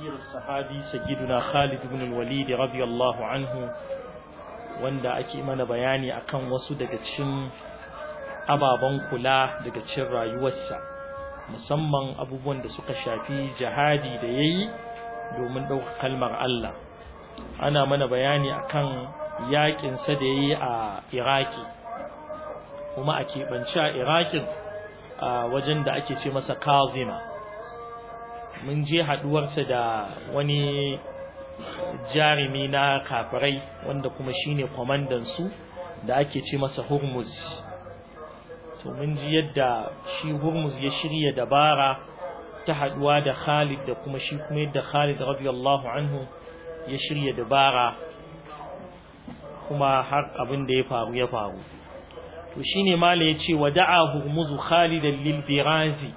سير الصحابي سيدنا خالد بن الوليد رضي الله عنه wanda ake mana bayani akan wasu daga cikin ababen kula daga cikin rayuwarsa musamman abubuwan da suka shafi jihadi da yayi domin ɗaukar kalmar Allah ana mana bayani akan yaƙinsa sa da yayi a Iraki kuma a keɓance a Irakin a wajen da ake ce masa Kazima mun je haduwarsa da wani jarumi na kafirai wanda kuma shine kwamandan su da ake ce masa Hormuz to mun ji yadda shi Hurmuz ya shirya dabara ta haduwa da Khalid da kuma shi kuma yadda Khalid radiyallahu anhu ya shirya dabara kuma har abin da ya faru ya faru to shine mala yace wada'a Hormuz Khalidan lil birazi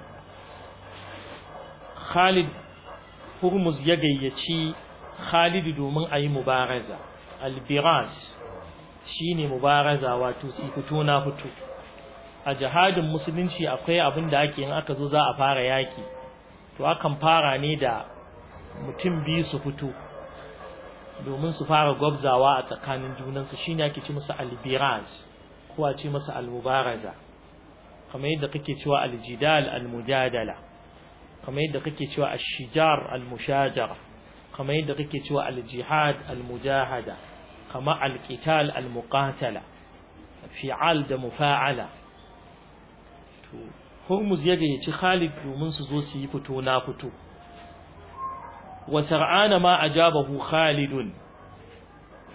Khalid Hurmuz ya gayyaci khalid domin a yi mubaraza albiras shine mubaraza wato si fito na fito a jihadin musulunci akwai abin da ake yin aka zo za a fara yaki to akan fara ne da mutum biyu su fito domin su fara gwabzawa a tsakanin junansu shine ake ci masa albiras ko a ce masa almubaraza kamar yadda kake cewa aljidal almujadala kamar yadda kake cewa ash-shijar al-mushajara kamar yadda kake cewa al-jihad al-mujahada kama al-qital al-muqatala fi'al da mufa'ala to Hormuz ya gayyaci Khalid domin su zo su yi fito na fito wa sar'ana ma ajabahu Khalidun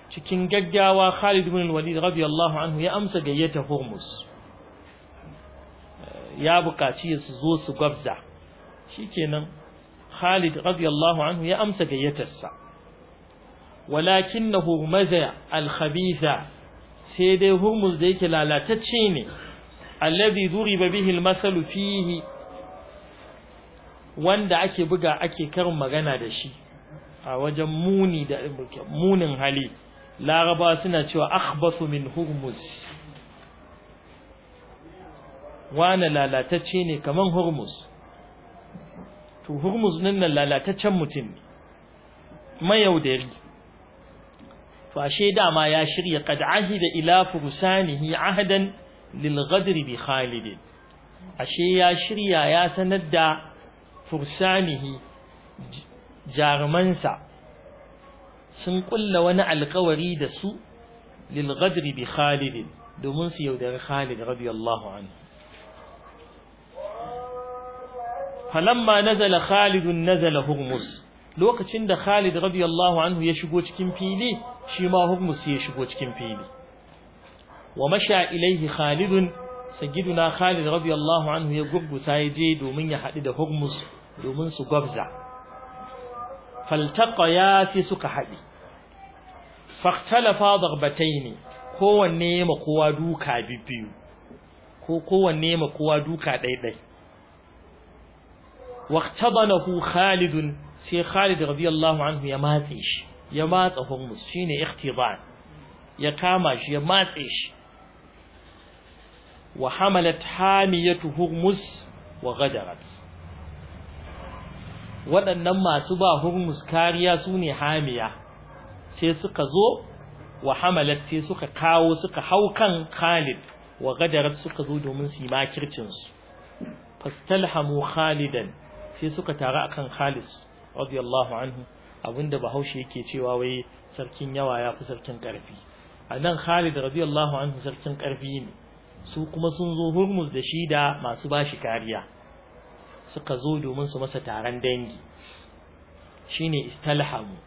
cikin gaggawa Khalid ibn al-Walid radiyallahu anhu ya amsa gayyata Hormuz ya bukaci su zo su gwabza shikenan Khalid radiyallahu anhu ya amsa gayyatarsa walakinahu maza al-khabitha sai dai hurmus da yake lalatacce ne alladhi duriba bihi al fihi wanda ake buga ake karin magana da shi a wajen muni da munin hali laraba suna cewa akhbathu min hurmuz wana lalatacce ne kaman hurmus? to hurmuz nan lalataccen mutum ne mayaudari to ashe dama ya shirya qad ahida ila fursanihi ahdan lil ghadr bi khalid ashe ya shirya ya sanar da fursanihi jarumansa sun kulla wani alkawari da su lil ghadr bi khalid domin su yaudari khalid radiyallahu anhu falamma nazala Khalidu nazala Hurmus lokacin da Khalid radiyallahu anhu ya shigo cikin fili shi ma Hurmus ya shigo cikin fili wa masha ilaihi Khalid na Khalid radiyallahu anhu ya gurgusa ya je domin ya haɗu da Hurmus domin su gwabza faltaqa ya fi suka haɗi fahtalafa ne. kowanne ma kowa duka bibbiyu ko kowanne ma kowa duka ɗaiɗai waqtabanahu Khalid sai Khalid radiyallahu anhu ya matse shi ya matsa Hormuz shine ikhtiban ya kama shi ya matse shi wa hamalat hamiyatu hurmus wa ghadarat waɗannan masu ba hurmus kariya sune hamiya sai suka zo wa hamalat sai suka kawo suka hau kan Khalid wa gadarat suka zo domin su yi makircin su fastalhamu Khalidan sai suka taru akan Khalis radiyallahu anhu abinda Bahaushe yake cewa wai sarkin yawa ya fi sarkin karfi a nan Khalid radiyallahu anhu sarkin karfi ne su kuma sun zo Hurmus da shi da masu bashi kariya suka zo domin su masa taron dangi shine istalhamu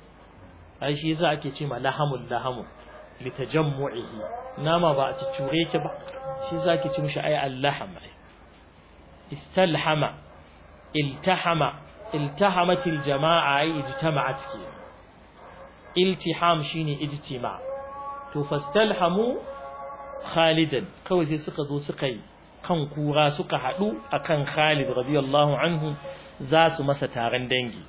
ai shi yasa ake ce ma lahamul lahamu litajammu'ihi nama ba a ci ki ba shi yasa ake ce mishi ai allahama istalhama iltahama iltahamatil jama'a ai ijtama'at ke iltiham shine ijtima to fastalhamu khalidan kawai sai suka zo suka yi kan kura suka haɗu akan Khalid radiyallahu anhu za su masa taron dangi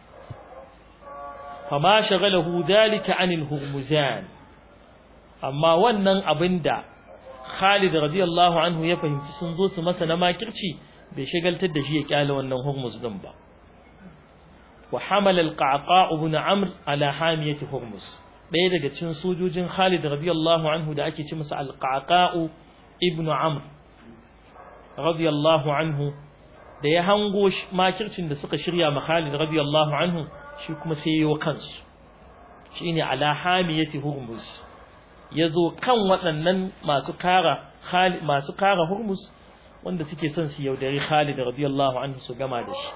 fama shagalahu dalika anil hurmuzan amma wannan abinda Khalid radiyallahu anhu ya fahimci sun zo su masa na makirci bai shagaltar da shi ya kyale wannan Hormuz din ba wa hamal al-qa'qa' ibn amr ala hamiyati Hormuz ɗaya daga cikin sojojin Khalid radiyallahu anhu da ake ce masa al-qa'qa' ibn amr radiyallahu anhu da ya hango makircin da suka shirya ma Khalid radiyallahu anhu shi kuma sai yayi kansu shine ala hamiyati Hormuz yazo kan waɗannan masu kara masu kara Hormuz wanda suke son su yaudari Khalid radiyallahu anhu su gama da shi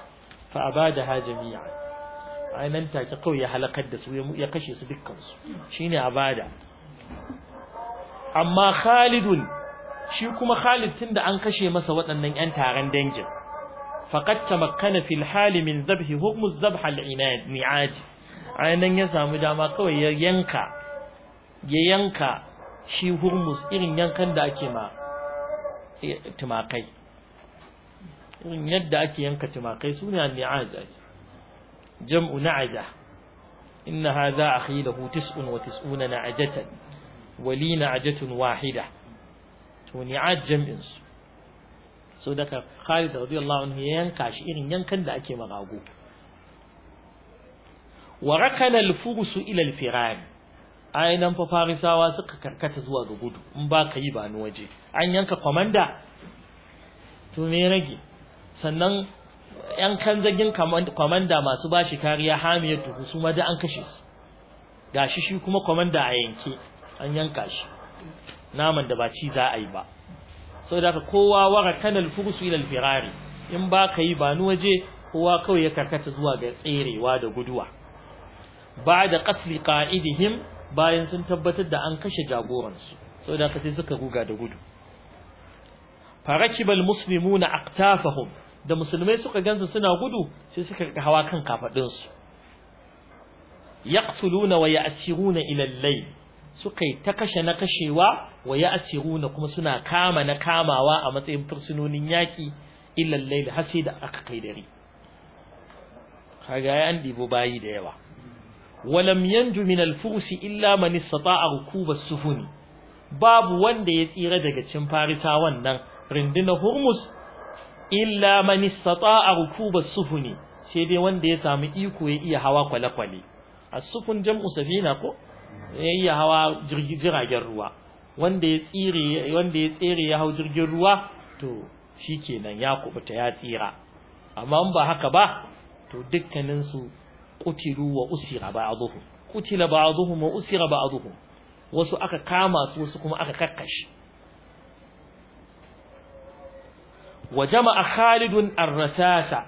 fa ha jami'a ai nan take kawai ya halakar da su ya kashe su dukkan su shine abada amma Khalid shi kuma Khalid tunda an kashe masa waɗannan 'yan taron dangin faqad tamakkana fil hal min zabhi hukmu zabha al inad ni'aj ai nan ya samu dama kawai ya yanka ya yanka shi hurmus irin yankan da ake ma tumakai irin yadda ake yanka tumakai suna ni'az jam'u na'ada inna hadha akhi lahu 99 na'ajatan wali na'ajatun wahida to ni'az jam'in su so daga Khalid radiyallahu anhu ya yanka shi irin yankan da ake marago wa rakana al-fursu ila al-firari ai nan fa farisawa suka karkata zuwa ga gudu in ba ka yi ba ni waje an yanka komanda to me rage sannan yan kanzagin komanda masu bashi kariya to su ma da an kashe su gashi shi kuma komanda a yanke an yanka shi naman da ba ci za a yi ba Sau ka kowa wara kanal fursu ila alfirari in ba ka yi ba ni waje kowa kawai ya karkata zuwa ga tserewa da guduwa ba da qasli qa'idihim bayan sun tabbatar da an kashe jagoransu saboda haka sai suka ruga da gudu farakibal muslimuna aqtafahum da musulmai suka gansu suna gudu sai suka hawa kan kafadin su yaqtuluna wa ya'siruna ila al-layl suka yi ta kashe na kashewa wa ya'siruna kuma suna kama na kamawa a matsayin fursunonin yaki ilallai al-layl har sai da aka kai dare kaga ya an dibo bayi da yawa walam yanju min al-fusi illa man istata'a rukuba sufuni babu wanda ya tsira daga cin farisa wannan rinduna hurmus illa man istata'a rukuba sufuni sai dai wanda ya samu iko ya iya hawa kwale-kwale as-sufun jam'u safina ko ya iya hawa jiragen ruwa wanda ya tsire wanda ya tsere ya hau jirgin ruwa to shikenan ya kubuta ya tsira amma ba haka ba to dukkanin su qutilu wa usira ba'dhum qutila ba'dhum wa usira ba'dhum wasu aka kama su wasu kuma aka kakkashi Wajama a Khalidun ar-rasasa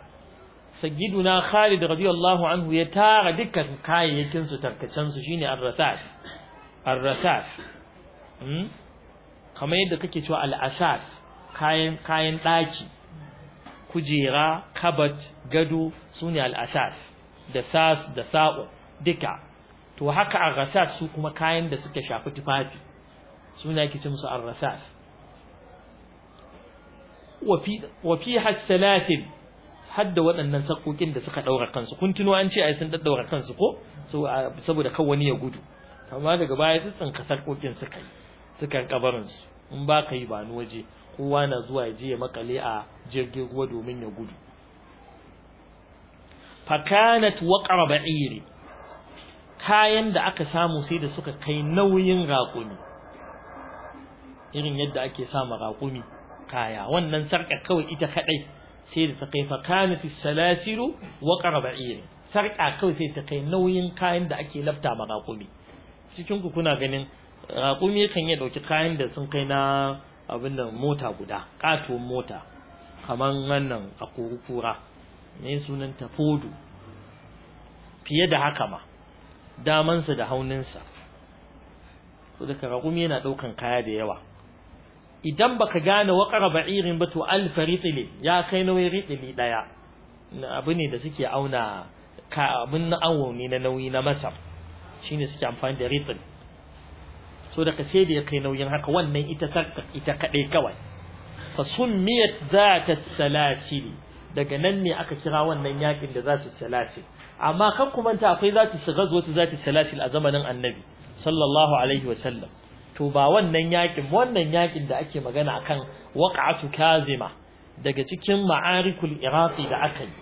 sayyiduna Khalid radiyallahu anhu ya tara dukkan kayayyakin su tarkacen su shine ar-rasas hmm kamar yadda kake cewa al-asas kayan kayan daki kujera kabat gado sune al-asas da sas da sa'u duka to haka arrasas su kuma kayan da suka shafi tufafi suna kici musu arrasas wafi wafi hasalatin hadda waɗannan sakokin da suka daura kansu kun tuno an ce ai sun daddaura kansu ko saboda kan wani ya gudu amma daga baya tsitsin ka sakokin suka yi sukan kabarin su in ba ka yi ba ni waje kowa na zuwa ya je ya makale a jirgin ruwa domin ya gudu fakanat waqra ba'iri kayan da aka samu sai da suka kai nauyin raƙumi irin yadda ake samu raƙumi kaya wannan sarka kawai ita kadai sai da ta kai fakanat salasilu waqra ba'iri sarƙa kawai sai ta kai nauyin kayan da ake lafta ma raƙumi cikin ku kuna ganin raƙumi kan ya dauki kayan da sun kai na abin da mota guda ƙatuwar mota kaman wannan a kura mai sunan tafodu fiye da haka ma damansa da hauninsa so daga raƙumi yana ɗaukan kaya da yawa idan baka gane waƙar ba'irin ba to alfa ritili ya kai nauyin ritili ɗaya abu ne da suke auna ka abin na awo ne na nauyi na masa shine suke amfani da ritil so daga sai da ya kai nauyin haka wannan ita ita kaɗai kawai fa summiyat zata salasili daga nan ne aka kira wannan yakin da zatu salati amma kan kuma manta akwai zatu shigazo ta zatu salati a zamanin annabi sallallahu alaihi wa sallam to ba wannan yakin wannan yakin da ake magana akan waqa'atu kazima daga cikin ma'arikul iraqi da aka yi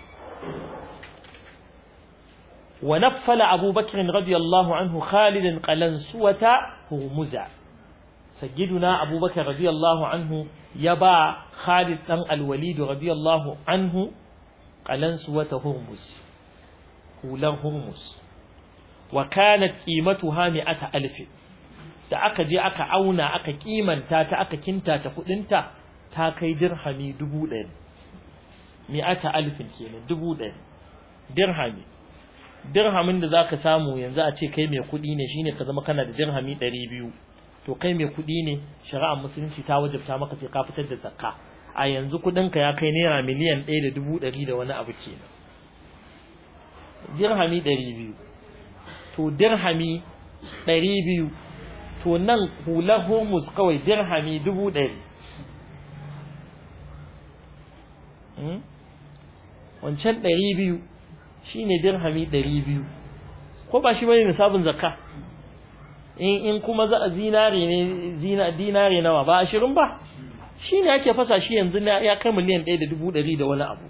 wa naffala abubakar radiyallahu anhu khalid qalansuwata humuza sayyiduna abubakar radiyallahu anhu ya ba Khalid ɗan alwalidu walid radiyallahu anhu qalansu wata hurmus hulan Hormuz wa kanat qimatuha mi'ata alf da aka je aka auna aka kimanta ta aka kinta ta kuɗinta, ta kai dirhami 1000 mi'ata alfin kenan 1000 dirhami dirhamin da zaka samu yanzu a ce kai mai kuɗi ne shine ka zama kana da dirhami ɗari biyu, to kai mai kuɗi ne shari'ar musulunci ta wajabta maka sai ka fitar da zakka a yanzu kuɗinka ya kai naira miliyan ɗaya da dubu ɗari da wani abu kenan dirhami ɗari biyu to dirhami ɗari biyu to nan hula homus kawai dirhami dubu ɗari hmm? wancan ɗari biyu shi ne dirhami ɗari biyu ko ba shi bane misabin zakka in kuma za a zinare ne dinare nawa ba ashirin ba shi ne ake fasa shi yanzu na ya kai miliyan ɗaya da dubu ɗari da wani abu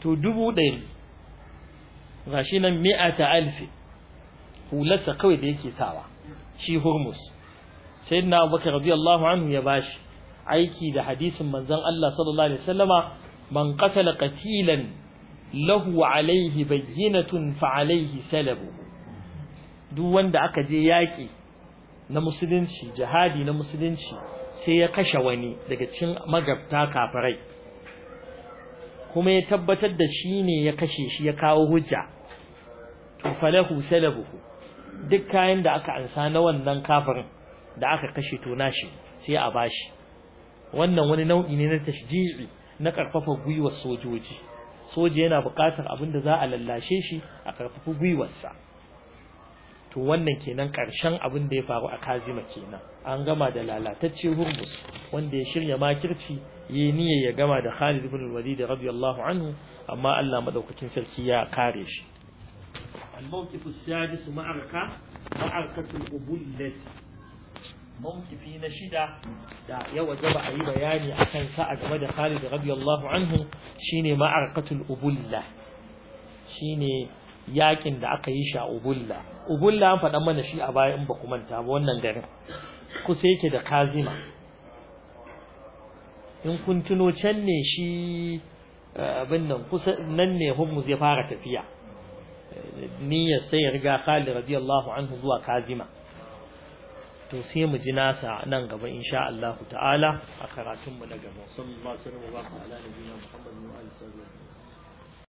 to dubu ɗari ga shi nan ta alfi hularsa kawai da yake sawa shi hurmus sai na abubakar Allah anhu ya bashi aiki da hadisin manzon Allah sallallahu alaihi wasallama man qatala katilan lahu alaihi bayyinatun fa alaihi salabu duk wanda aka je yaƙi na musulunci jihadi na musulunci sai ya kashe wani daga cikin magabta kafirai kuma ya tabbatar da shi ne ya kashe shi ya kawo hujja to falahu salabuhu duk kayan da aka ansa na wannan kafirin da aka kashe to nashi sai a bashi wannan wani nau'i ne na tashji'i na karfafa gwiwar sojoji soja yana buƙatar abinda za a lallashe shi a karfafa gwiwarsa to wannan kenan ƙarshen abin da ya faru a kazima kenan an gama da lalatacce hurmus wanda ya shirya makirci ya niyya ya gama da Khalid ibn Walid radiyallahu anhu amma Allah madaukakin sarki ya kare shi الموقف na shida da الأبلة موقفي a yi bayani akan بياني أكن ساعة da khalid رضي anhu shine شيني Ubulla. الأبلة yakin da aka yi shi Ubulla Ubulla an faɗa mana shi a baya ba ku manta ba wannan garin kusa yake da Kazima in kun tuno can ne shi eh, abin nan kusa nan ne Hormuz ya fara tafiya niyyar sai ya riga Khalid radiyallahu anhu zuwa Kazima to sai mu ji nasa nan gaba insha Allah ta'ala a karatun mu na gaba sallallahu alaihi wa sallam ala nabiyina wa alihi